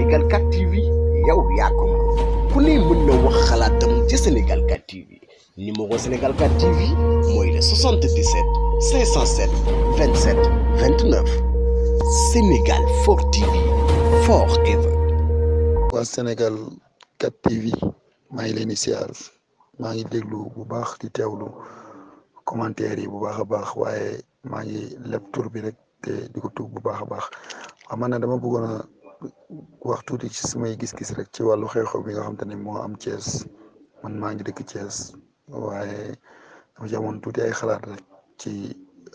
Sénégal 4 TV yow yaa ko ku ne mën na wax xalaatam ci Sénégal 4 TV numéro Sénégal 4 TV mooy le 77 507 27 29 Sénégal 4 TV forever. Wa Sénégal 4 TV maa ngi leen di siyaar ngi déglu bu baax di tewlu commentaire yi bu baax a baax waaye maa ngi leb tour bi rek di ko tuub bu baax baax dama bëggoon wax tuuti ci sumay gis-gis rek ci wàllu xew-xew bi nga xam te ne moo am Thiès man maa ngi dëkk Thiès waaye dama ci amoon tuuti ay xalaat rek ci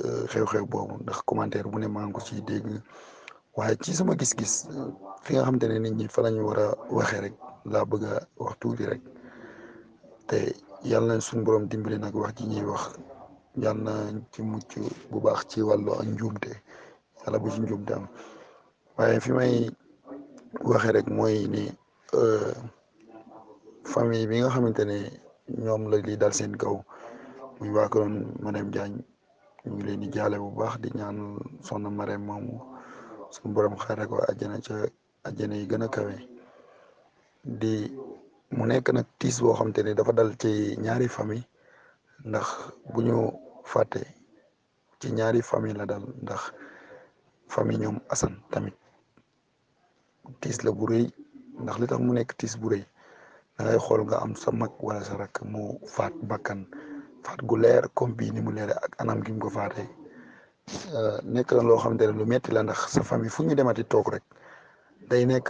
euh, xew-xew boobu ndax commentaire bu ne maa ngi ko ciy dégg waaye ci sama gis-gis fi nga xam te ne nit ñi fa lañu war a waxee rek laa bëgg a wax tuuti rek te yàlla na suñu borom dimbali nag wax ci ñuy wax yàlla na ci mucc bu baax ci wàllu njuumte yàlla bu ci njuumte am waaye fi may waxe rek mooy ni euh, famille bi nga xamante ne ñoom la li dal seen kaw muy waa këroon Marème Diagne ñu ngi leen di jaale bu baax di ñaan soxna Marème moomu suñu borom xare ko àjjana ca àjjana yi gën a kawe di mu nekk nag tiis boo xamante ne dafa dal ci ñaari famille ndax bu ñu fàtte ci ñaari famille la dal ndax famille ñoom Assane tamit tiis la bu rëy ndax li tax mu nekk tiis bu rëy da ngay xool nga am sa mag wala sa rakk mu faat bakkan faat gu leer comme bii ni mu leere ak anam gi mu ko faatee euh, nekk na loo xamante ne lu metti la ndax sa famille fu ñu demati toog rek day nekk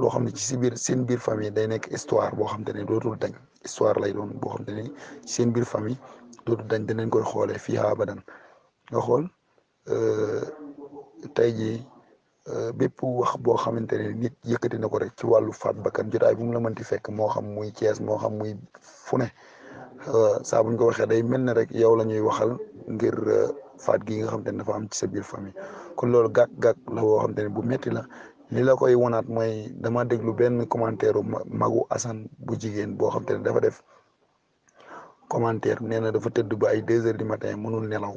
loo xam ne ci si biir seen biir famille day nekk histoire boo xam te ne dootul dañ histoire lay doon boo xam te ne biir famille dootul dañ danañ koy xoolee fii abadan nga xool euh, tey jii Euh, bépp wax boo xamante ne nit yëkkati na ko rek ci wàllu faat bakkan jotaay bu mu la mënti fekk moo xam muy Thiès moo xam muy fu ne euh, saa buñ ko waxee day mel na rek yow la ñuy waxal ngir euh, faat gi nga xam te ne dafa am ci sa biir famille kon loolu gàkk-gàkk la boo xam ne bu metti la li la koy wanaat mooy dama déglu benn commentaire magu Assane bu jigéen boo xam te ne dafa def commentaire nee na dafa tëdd ba ay deux heures du matin mënul nelaw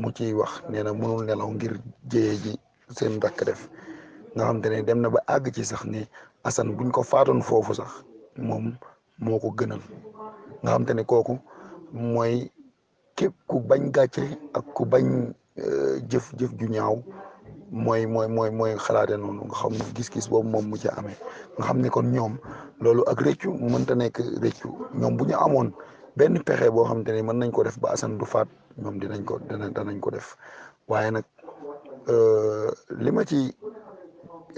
mu ciy wax nee na mënul nelaw ngir jëyee seen rakk def nga xam te ne dem na ba àgg ci sax ne Assane buñ ko faatoon foofu sax moom moo ko gënal nga xam te ne kooku mooy képp ku bañ gàcce ak ku bañ euh, jëf jëf ju ñaaw mooy mooy mooy mooy xalaate noonu nga xam ne gis-gis boobu moom mu ci amee nga xam ne kon ñoom loolu ak rëccu mënta nekk rëccu ñoom bu ñu amoon benn pexe boo xam te ne mën nañ ko def ba Assane du faat ñoom dinañ ko dana danañ ko def waaye nag Euh, li ma ci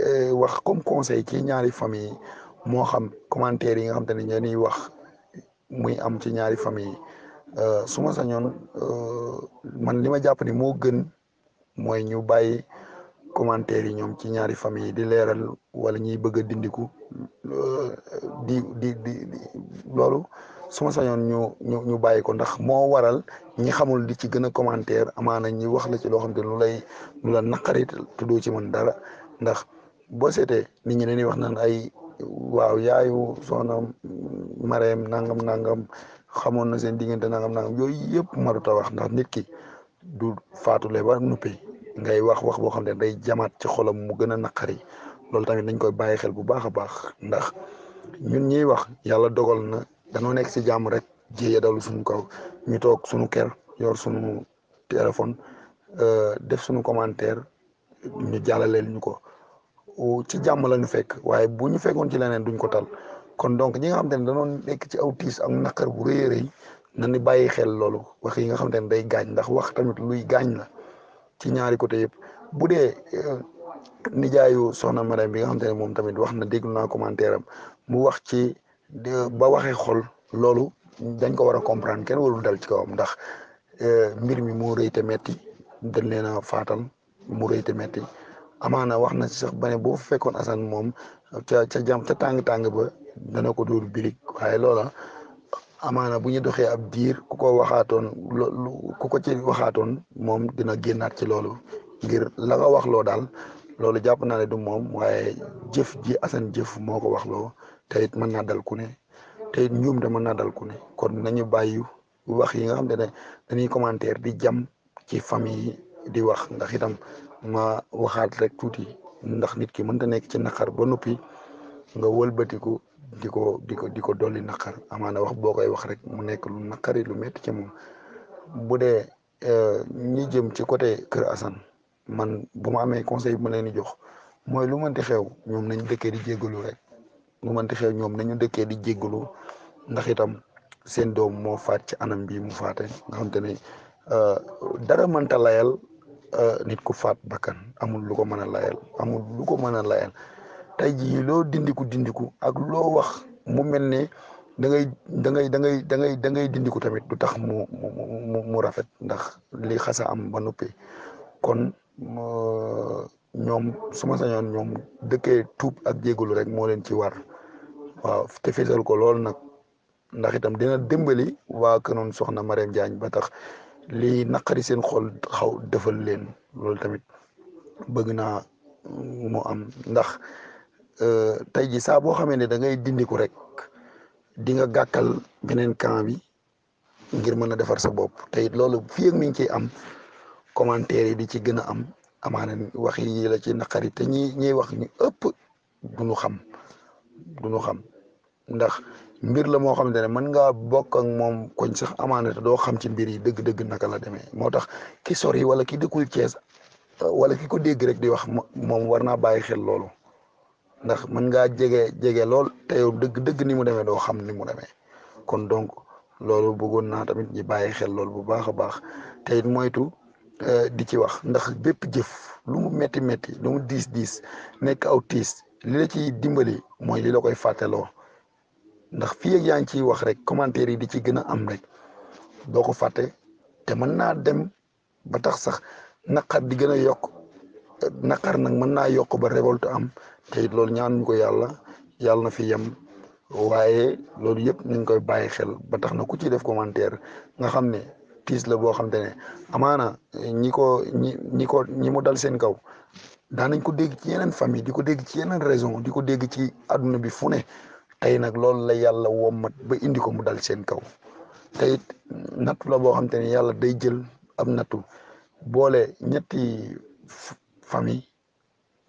euh, wax comme conseil ci ñaari famille moo xam commentaire yi nga xam te ne ñoo wax muy am ci ñaari famille euh, su suma sañoon man li ma jàpp ni moo gën mooy ñu bàyyi commentaire yi ñoom ci ñaari yi di leeral wala ñuy bëgg a dindiku di di di loolu su ma sañoon ñu ñu ñu bàyyi ndax moo waral ñi xamul di ci gën a commentaire amaana ñi wax la ci loo xam te lu lay lu la naqari tuddoo ci man dara ndax boo seetee nit ñi dañuy wax naan ay waaw yaayu soxna mareem nangam nangam xamoon na seen diggante nangam nangam yooyu yëpp maruta wax ndax nit ki du faatule ba nuppi ngay wax wax boo xam ne day jamaat ci xolam mu gën a naqari loolu tamit dañ koy bàyyi xel bu baax a baax ndax ñun ñiy wax yàlla dogal na danoo nekk si jàmm rek jéeya dalu suñu kaw ñu toog suñu kër yor suñu téléphone euh, def suñu commentaire ñu jàllaleel ñu ko ci jàmm la ñu fekk waaye bu ñu fekkoon ci leneen duñ ko tal kon donc ñi nga xam te ne nekk ci aw am ak naqar bu rëy a rëy nañu bàyyi xel loolu wax yi nga xam te ne day gaañ ndax wax tamit luy gaañ la ci ñaari côté yëpp bu dee euh, nijaayu soxna Mariam bi nga xam te ne moom tamit wax na déglu naa commentaire mu wax ci. ba waxee xol loolu dañ ko war a comprendre kenn warul dal ci kawam ndax euh, mbir mi moo rëy te metti dañ leen a faatal mu rëy te metti amaana wax na ci sax ba ne boo fekkoon Assane moom ca ca jam ca tàng-tàng ba dana ko dóor birig waaye loola amaana bu ñu doxee ab diir ku ko waxaatoon lu ku ko ci waxaatoon moom dina génnaat ci loolu ngir la nga daal loolu jàpp naa ne du moom waaye jëf ji Assane jëf moo ko wax loo te it mën naa dal ku ne it ñoom de mën dal ku ne kon nañu bàyyi wax yi nga xam ne dañuy commentaire di jam ci famille di wax ndax itam ma waxaat rek tuuti ndax nit ki mënta nekk ci naqar ba noppi nga wëlbatiku di ko di ko di ko dolli naqar amaana wax boo koy wax rek mu nekk lu naqari lu métti ci moom bu dee euh, ñi jëm ci côté Kër Assane man bu mu amee conseil bu ma leen di jox mooy lu mënti xew ñoom nañ dëkkee di jéggalu rek lu mënti xew ñoom nañu dëkkee di jéggalu ndax itam seen doom moo faat ci anam bi mu faate nga xam te ne euh, dara mënta layal euh, nit ku faat bakkan amul lu ko mën a layal amul lu ko mën a layal tey jii loo dindiku dindiku ak loo wax mu mel ne dangay ngay da ngay da ngay da ngay dindiku tamit du tax mu mu mu rafet ndax li xasa am ba noppi Euh, ñoom su ma sañoon ñoom dëkkee tuub ak jégalu rek moo leen ci war waaw te fésal ko lool nag ndax itam dina dimbali waa Kanoon soxna Marème jaañ ba tax lii naqari seen xol xaw defal leen loolu tamit bëgg naa mu am ndax euh, tey ji saa boo xamee ne dangay dindiku rek di nga gàkkal beneen camp bi ngir mën a defar sa bopp te loolu fii mi ngi ciy am. commentaire yi di ci gën a am amaana wax yi la ci naqari te ñi wax ñu ëpp duñu xam duñu xam ndax mbir la moo xamante ne mën ngaa bokk ak moom koñ sax amaana te doo xam ci mbir yi dëgg-dëgg naka la demee moo tax ki sori wala ki dëkkul Cees euh, wala ki ko dégg rek di wax moom war naa bàyyi xel loolu ndax mën ngaa jege jege lool te yow dëgg-dëgg ni mu demee doo xam ni mu demee kon donc loolu bëggoon naa tamit ñi bàyyi xel loolu bu baax a baax te it moytu Euh, di ci wax ndax bépp jëf lu mu métti métti lu mu diis diis nekk aw tiis li la ciy dimbali mooy li la koy fàtteloo ndax fii ak yaa ngi ciy wax rek commentaire yi di ci gën a am rek doo ko fàtte te mën naa dem ba tax sax naqar di gën a yokk naqar nag mën naa yokk ba révolte am te it loolu ñaan ñu ko yàlla yàlla na fi yem waaye loolu yëpp nañ koy bàyyi xel ba tax na ku ci def commentaire nga xam ne tiis la boo xam te ne amaana eh, ñi ko ñi ñi ko ñi mu dal seen kaw daanañ ko dégg ci yeneen famille di ko dégg ci yeneen raison di ko dégg ci àdduna bi fu ne tey nag loolu la yàlla mat ba indi ko mu dal seen kaw te it nattu la boo xam te ne yàlla day jël ab nattu boole ñetti famille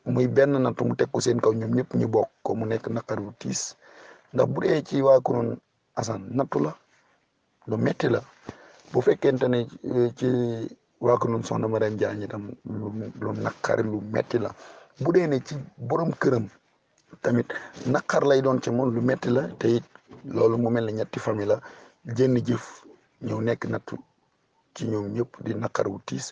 muy benn nattu mu teg ko seen kaw ñoom ñëpp ñu bokk ko mu nekk naqaru tiis ndax bu dee ci waa Kurun Assane nattu la lu metti la bu fekkente ne eh, ci waa ko nun soxna Mariam Diagne itam lu lu naqari lu metti la bu dee ne ci borom këram tamit naqar lay doon ci moom lu metti la te it loolu mu mel ne ñetti famille la jënn jëf ñëw nekk nattu ci ñoom ñëpp di naqar wu tiis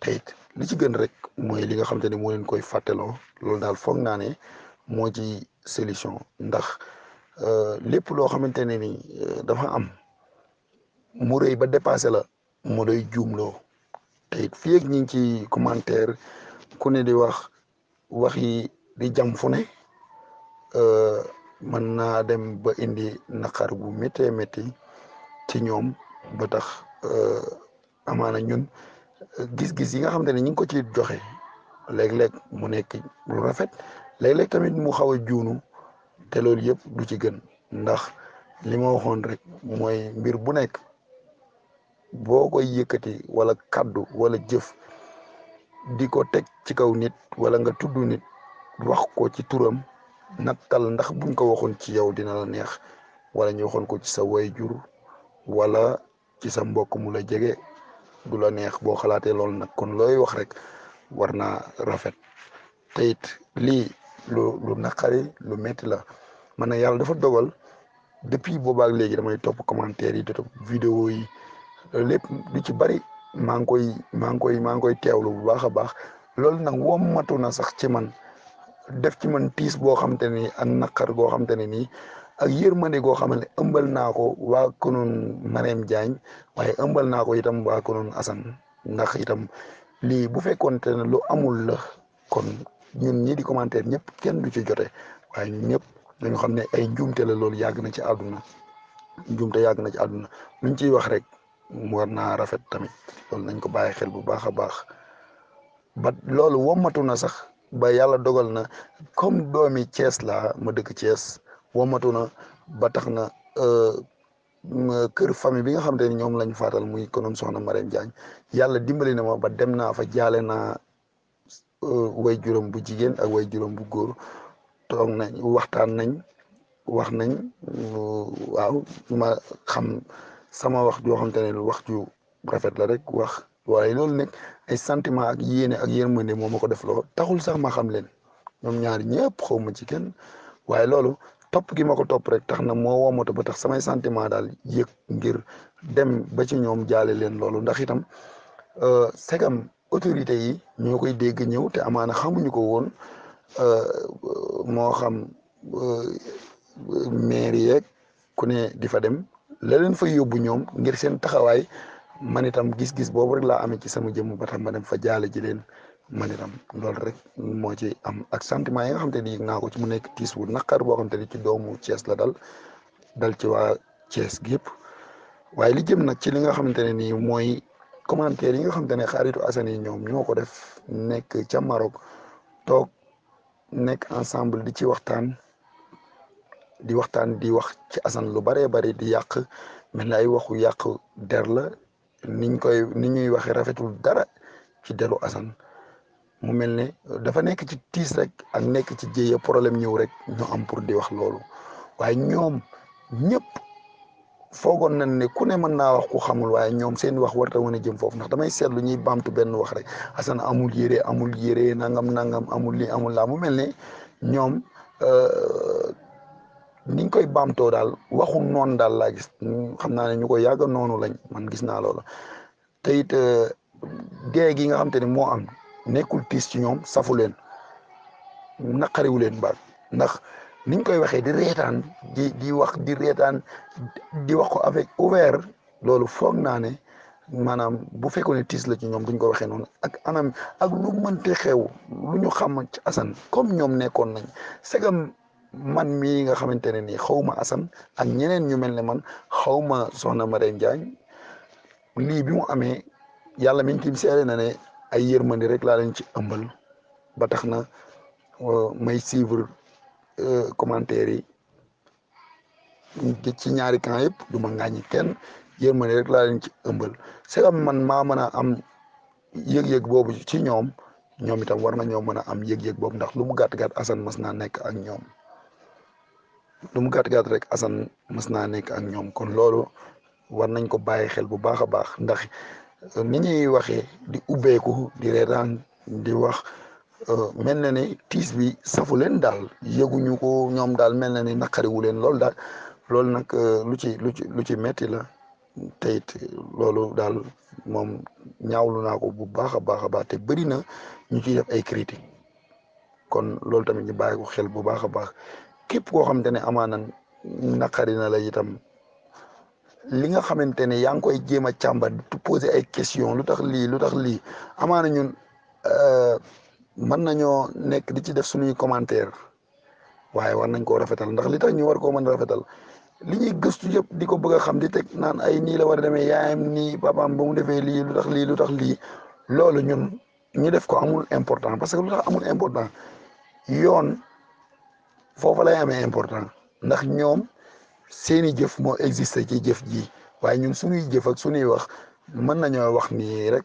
te it li ci gën rek mooy li nga xam te ne moo leen koy fàtteloo loolu daal foog naa ne moo ci solution ndax eh, lépp loo xamante ne ni eh, dafa am mu ba dépassé la mu doy te it fii ak ngi ci commentaire ku ne di wax wax yi di jam fu ne euh, mën naa dem ba indi naqar bu méttee métti ci ñoom ba tax euh, amaana ñun euh, gis-gis yi nga xam te ne ñu ngi ko ci joxe léeg mu nekk lu rafet léeg tamit mu xaw a juunu te loolu yëpp du ci gën ndax li ma waxoon rek mooy mbir bu nekk boo koy yëkkati wala kaddu wala jëf di ko teg ci kaw nit wala nga tudd nit wax ko ci turam nattal ndax buñ ko waxoon ci yow dina la neex wala ñu waxoon ko ci sa jur wala ci sa mbokk mula jege du la neex boo xalaatee loolu nag kon looy wax rek war naa rafet te it lii lu lu naqari lu metti la man na yàlla dafa dogal depuis boobaak léegi damay topp commentaire yi di topp vidéo yi loolu lépp lu ci bari maa ngi koy maa ngi koy maa ngi koy teewlu bu baax a baax loolu nag wommatu na sax ci man def ci man tiis boo xam te ne nii ak naqar goo xam te ne nii ak yërmande goo xam ne ëmbal naa ko waa konoon Marème Diagne waaye ëmbal naa ko itam waa konoon Assane ndax itam li bu fekkoonte ne lu amul la kon ñun ñii di commentaire ñëpp kenn du ci jote waaye ñun ñëpp dañu xam ne ay njuumte la loolu yàgg na ci àdduna njuumte yàgg na ci àdduna luñ ciy wax rek war naa rafet tamit loolu nañ ko bàyyi xel bu baax a baax ba loolu womatu na sax ba yàlla dogal na comme doomi cees laa ma dëkk Thiès womatu na ba tax na euh, kër famille bi nga xam te ne ñoom lañ faatal muy konoon soxna Marème Diagne yàlla dimbali na ma ba dem naa fa jaale naa euh, way juróom bu jigéen ak way juróom bu góor toog nañ waxtaan nañ wax nañ waaw ma xam sama wax joo xamante ne wax ju rafet la rek wax waaye loolu nag ay sentiment ak yéene ak yërmande moo ma ko def loo taxul sax ma xam leen ñoom ñaari ñëpp xaw ma ci kenn waaye loolu topp gi ma ko topp rek tax na moo woomoto ba tax samay sentiment daal yëg ngir dem ba ci ñoom jaale leen loolu ndax itam euh, segam autorité yi ñoo koy dégg ñëw te amaana xamuñu ko woon euh, moo xam euh, maire yeeg ku ne di fa dem la leen fa yóbbu ñoom ngir seen taxawaay man itam gis-gis boobu rek laa amee ci sama jëmm ba tax ma dem fa jaale ji leen man itam loolu rek moo ci am ak sentiment yi nga xam te ni naa ko ci mu nekk tiis wu naqar boo xam te ni ci doomu Thiès la dal dal ci waa Thiès yëpp waaye li jëm nag ci li nga xamante ne nii mooy commentaire yi nga xamante ne xaaritu Assane yi ñoom ñoo ko def nekk ca Maroc toog nekk ensemble di ci waxtaan. di waxtaan di wax ci Assane lu baree bari di yàq mel na ay waxu yàq der la niñ koy ni ñuy waxee rafetul dara ci deru Assane mu mel ne dafa nekk ci tiis rek ak nekk ci jéye problème ñëw rek ñu am pour di wax loolu waaye ñoom ñëpp foogoon nan ne ku ne mën naa wax ku xamul waaye ñoom seen wax warta mën a jëm foofu ndax damay seetlu ñuy baamtu benn wax rek Assane amul yére amul yére nangam nangam amul li amul laa mu mel ne ñoom. Euh, ni ñu koy baamtoo daal waxu noonu daal laa gis xam naa ne ñu koy yàgg noonu lañ man gis naa loola te it euh, gi nga xam te ne moo am nekkul tiis ci ñoom safu leen naqariwu leen baag ndax niñ koy waxee di reetaan di wax di reetaan di wax ko avec ouvert loolu foog naa ne maanaam bu fekkoon ne tiis la ci ñoom duñ ko waxee noonu ak anam ak lu mënte xew lu xam ci Assane comme ñoom nekkoon nañ segam man mii nga xamante ne nii xawma ma Assane ak ñeneen ñu mel ne man xaw ma soxna Marème Ndiagne lii bi mu amee yàlla mi ngi ci na ne ay yërmandi rek laa leen ci ëmbal ba tax na euh, may suivre euh, commentaires yi. ci ñaari camp yëpp du ma ngàññi kenn yërmande rek laa leen ci ëmbal c'est man maa mën a am yëg-yëg boobu ci ñoom ñoom itam war na ñoo mën a am yëg-yëg boobu ndax lu mu gàtt asan Assane naa nekk ak ñoom. lu mu gat gàtt rek Assane mës naa nekk ak ñoom kon loolu war nañ ko bàyyi xel bu baax a baax ndax euh, ni ñuy waxee di ubbeeku di reetaan di wax euh, mel na ni tiis bi safu leen daal yëguñu ko ñoom daal mel na ni naqariwu leen loolu daal loolu nag euh, lu ci lu ci lu ci metti la te loolu daal moom ñaawlu naa ko bu baax a baax a baax te bëri na ñu ciy ay critique kon loolu tamit ñu bàyyi ko xel bu baax a baax képp koo xamante ne amaanan naqari na la itam li nga xamante ne yaa ngi koy jéem a càmbar di poser ay question lu tax lii lu tax lii amaana ñun euh, mën nañoo nekk di ci def suñuy commentaire waaye war nañ koo rafetal ndax li tax ñu war koo mën rafetal li ñuy gëstu yëpp di ko bëgg a xam di teg naan ay nii la war a demee yaayam nii papaam ba mu defee lii lu tax lii lu tax lii loolu ñun ñu def ko amul important parce que lu tax amul important yoon foofu lay amee important ndax ñoom seeni jëf moo existé ci jëf ji waaye ñun suñuy jëf ak suñuy wax mën nañoo wax nii rek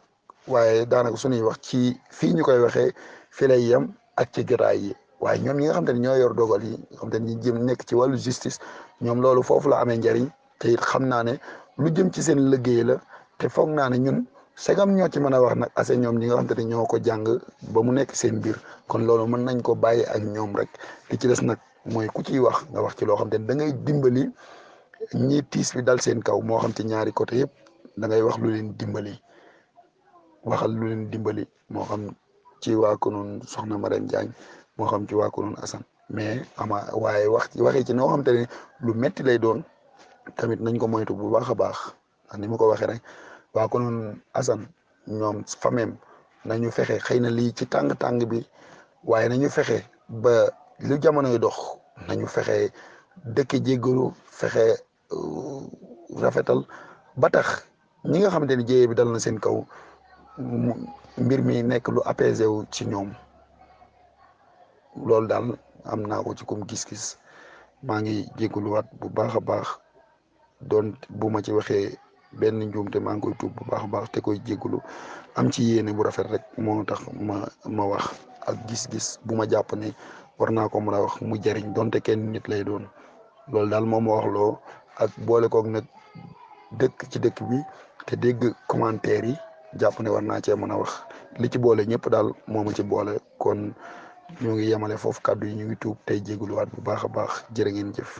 waaye daanaka suñuy wax ci fii ñu koy waxee fi lay yem ak ci gataay yi waaye ñoom ñi nga xam te ne ñoo yor dogal yi nga xam te ne jëm nekk ci wàllu justice ñoom loolu foofu la amee njariñ te it xam naa ne lu jëm ci seen liggéey la te foog naa ñun segam ñoo ci mën a wax nag assez ñoom ñi nga xamante ni ñoo ko jàng ba mu nekk seen biir kon loolu mën nañ ko bàyyi ak ñoom rek ki ci des nag mooy ku ciy wax nga wax ci loo xam te ne da ngay dimbali ñi tiis bi dal seen kaw moo xam ci ñaari côté yëpp da wax lu leen dimbali waxal lu leen dimbali moo xam ci waa konoon soxna Marème Diagne moo xam ci waa konoon Assane mais ama waaye wax waxee ci noo xam te lu metti lay doon tamit nañ ko moytu bu baax a baax ndax ni ma ko waxee rek waa konoon Assane ñoom fameem nañu fexe xëy na lii ci tàng-tàng bi waaye nañu fexe ba lu jamonoy dox nañu fexe dëkk jéggalu fexe euh, rafetal batax ñi nga xamante ni jéyee bi dal na seen kaw mbir mi nekk lu apaisé wu ci ñoom loolu daal am naa ko ci kum gis-gis maa ngi jégaluwaat bu baax a baax doon bu ma ci waxee benn njuumte maa ngi koy tuub bu baax a baax te koy jégalu am ci yéene bu rafet rek moo tax ma ma wax ak gis-gis bu ma jàpp ne war naa ko mën a wax mu jariñ donte kenn nit lay doon loolu daal moom ma wax loo ak boole koog nag dëkk ci dëkk bi te dégg commentaire yi jàpp ne war naa cee mën a wax li ci boole ñëpp daal moo ma ci boole kon ñu ngi yemale foofu kàddu yi ñu ngi tuub tey jégaluwaat bu baax a baax jërë ngeen jëf.